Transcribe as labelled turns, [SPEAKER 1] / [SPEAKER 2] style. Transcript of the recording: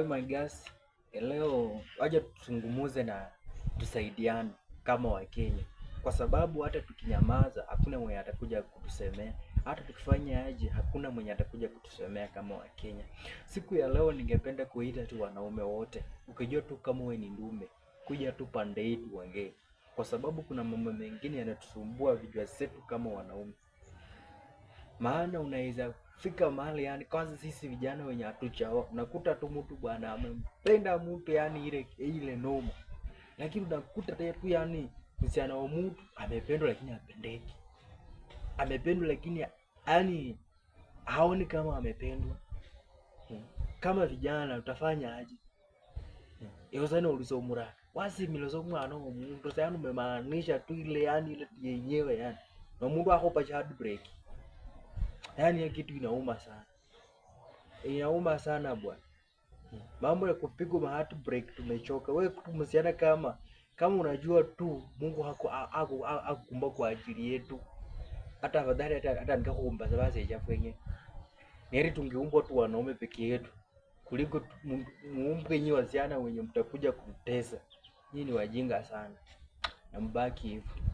[SPEAKER 1] my guys. leo waje tuzungumuze na tusaidiane kama Wakenya, kwa sababu hata tukinyamaza hakuna mwenye atakuja kutusemea, hata tukifanya aje hakuna mwenye atakuja kutusemea kama Wakenya. Siku ya leo ningependa kuita tu wanaume wote, ukijua tu kama wewe ni ndume, kuja tu pande hii tuongee, kwa sababu kuna mambo mengine yanatusumbua vijua zetu kama wanaume maana unaweza fika mahali yani, kwanza sisi vijana wenye hatuchaoa unakuta tu mtu bwana amempenda mtu yani ile ile noma, lakini unakuta tu yani msichana wa mtu amependwa lakini apendeki, amependwa lakini yani haoni kama amependwa. Kama vijana utafanya aje? yosani ulisomura wasi wa mtu sayani umemaanisha tu ile yani ile yenyewe yani na mtu akopa akopa chadbreki Yaani hiyo kitu inauma sana, inauma sana bwana. Mambo ya kupigwa ma heartbreak tumechoka. Wewe msichana, kama kama unajua tu Mungu hako hakukumba kwa ajili yetu, hata afadhali hata hata nikakuumba sababu ya kwenye. Ni heri tungeumbwa tu wanaume pekee yetu kuliko muumbe nyi wasichana wenye mtakuja kumtesa. Nyinyi ni wajinga sana, na mbaki hivyo.